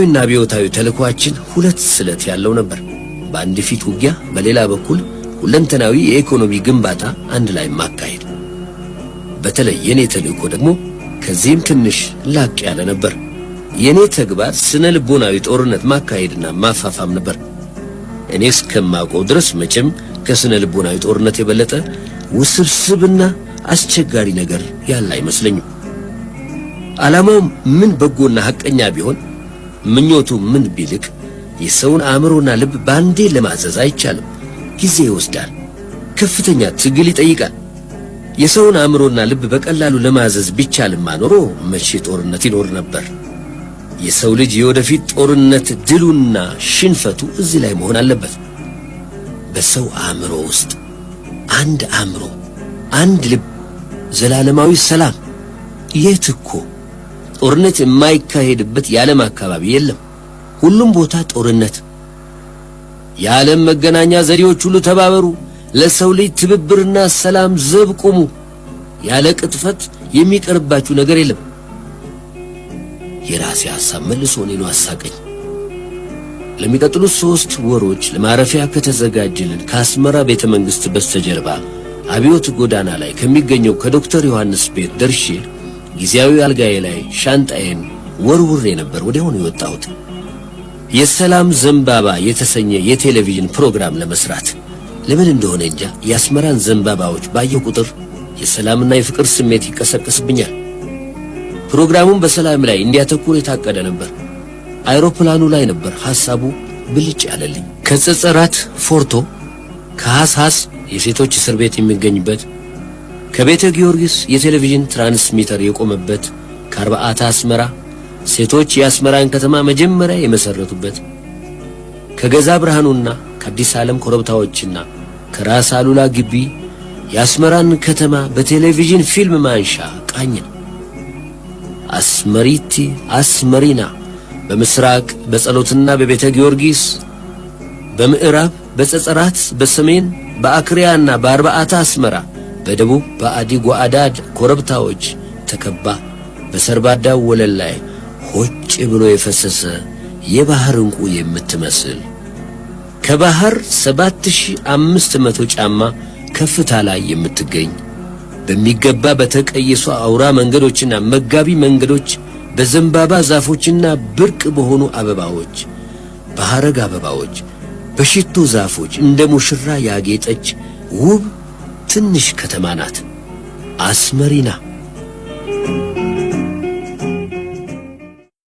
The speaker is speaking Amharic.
መንፈሳዊና ብዮታዊ ተልኳችን ሁለት ስለት ያለው ነበር። በአንድ ፊት ውጊያ፣ በሌላ በኩል ሁለንተናዊ የኢኮኖሚ ግንባታ አንድ ላይ ማካሄድ። በተለይ የኔ ተልእኮ ደግሞ ከዚህም ትንሽ ላቅ ያለ ነበር። የኔ ተግባር ስነ ልቦናዊ ጦርነት ማካሄድና ማፋፋም ነበር። እኔ እስከማውቀው ድረስ መቼም ከስነ ልቦናዊ ጦርነት የበለጠ ውስብስብና አስቸጋሪ ነገር ያለ አይመስለኝም። ዓላማውም ምን በጎና ሐቀኛ ቢሆን ምኞቱ ምን ቢልቅ የሰውን አእምሮና ልብ ባንዴ ለማዘዝ አይቻልም። ጊዜ ይወስዳል፣ ከፍተኛ ትግል ይጠይቃል። የሰውን አእምሮና ልብ በቀላሉ ለማዘዝ ቢቻልማ ኖሮ መቼ ጦርነት ይኖር ነበር? የሰው ልጅ የወደፊት ጦርነት ድሉና ሽንፈቱ እዚህ ላይ መሆን አለበት። በሰው አእምሮ ውስጥ አንድ አእምሮ፣ አንድ ልብ፣ ዘላለማዊ ሰላም የት እኮ ጦርነት የማይካሄድበት የዓለም አካባቢ የለም። ሁሉም ቦታ ጦርነት። የዓለም መገናኛ ዘዴዎች ሁሉ ተባበሩ። ለሰው ልጅ ትብብርና ሰላም ዘብ ቁሙ። ያለ ቅጥፈት የሚቀርባችሁ ነገር የለም። የራሴ ሐሳብ መልሶ እኔኑ አሳቀኝ። ለሚቀጥሉት ሦስት ወሮች ለማረፊያ ከተዘጋጀልን ከአስመራ ቤተ መንግሥት በስተጀርባ አብዮት ጎዳና ላይ ከሚገኘው ከዶክተር ዮሐንስ ቤት ደርሼ ጊዜያዊ አልጋዬ ላይ ሻንጣዬን ወርውሬ ነበር ወዲያውኑ የወጣሁት የሰላም ዘንባባ የተሰኘ የቴሌቪዥን ፕሮግራም ለመስራት። ለምን እንደሆነ እንጃ የአስመራን ዘንባባዎች ባየሁ ቁጥር የሰላምና የፍቅር ስሜት ይቀሰቀስብኛል። ፕሮግራሙም በሰላም ላይ እንዲያተኩር የታቀደ ነበር። አይሮፕላኑ ላይ ነበር ሐሳቡ ብልጭ ያለልኝ። ከጸጸራት ፎርቶ ከሐስሐስ የሴቶች እስር ቤት የሚገኝበት ከቤተ ጊዮርጊስ የቴሌቪዥን ትራንስሚተር የቆመበት ከአርባአታ አስመራ ሴቶች የአስመራን ከተማ መጀመሪያ የመሰረቱበት ከገዛ ብርሃኑና ከአዲስ ዓለም ኮረብታዎችና ከራስ አሉላ ግቢ የአስመራን ከተማ በቴሌቪዥን ፊልም ማንሻ ቃኝ ነው። አስመሪቲ አስመሪና በምስራቅ በጸሎትና በቤተ ጊዮርጊስ በምዕራብ በጸጸራት በሰሜን በአክሪያና በአርባአታ አስመራ በደቡብ በአዲ ጓዳድ ኮረብታዎች ተከባ በሰርባዳው ወለል ላይ ሆጭ ብሎ የፈሰሰ የባህር እንቁ የምትመስል ከባህር 7500 ጫማ ከፍታ ላይ የምትገኝ በሚገባ በተቀየሱ አውራ መንገዶችና መጋቢ መንገዶች በዘንባባ ዛፎችና ብርቅ በሆኑ አበባዎች በሐረግ አበባዎች በሽቶ ዛፎች እንደ ሙሽራ ያጌጠች ውብ ትንሽ ከተማ ናት አስመሪና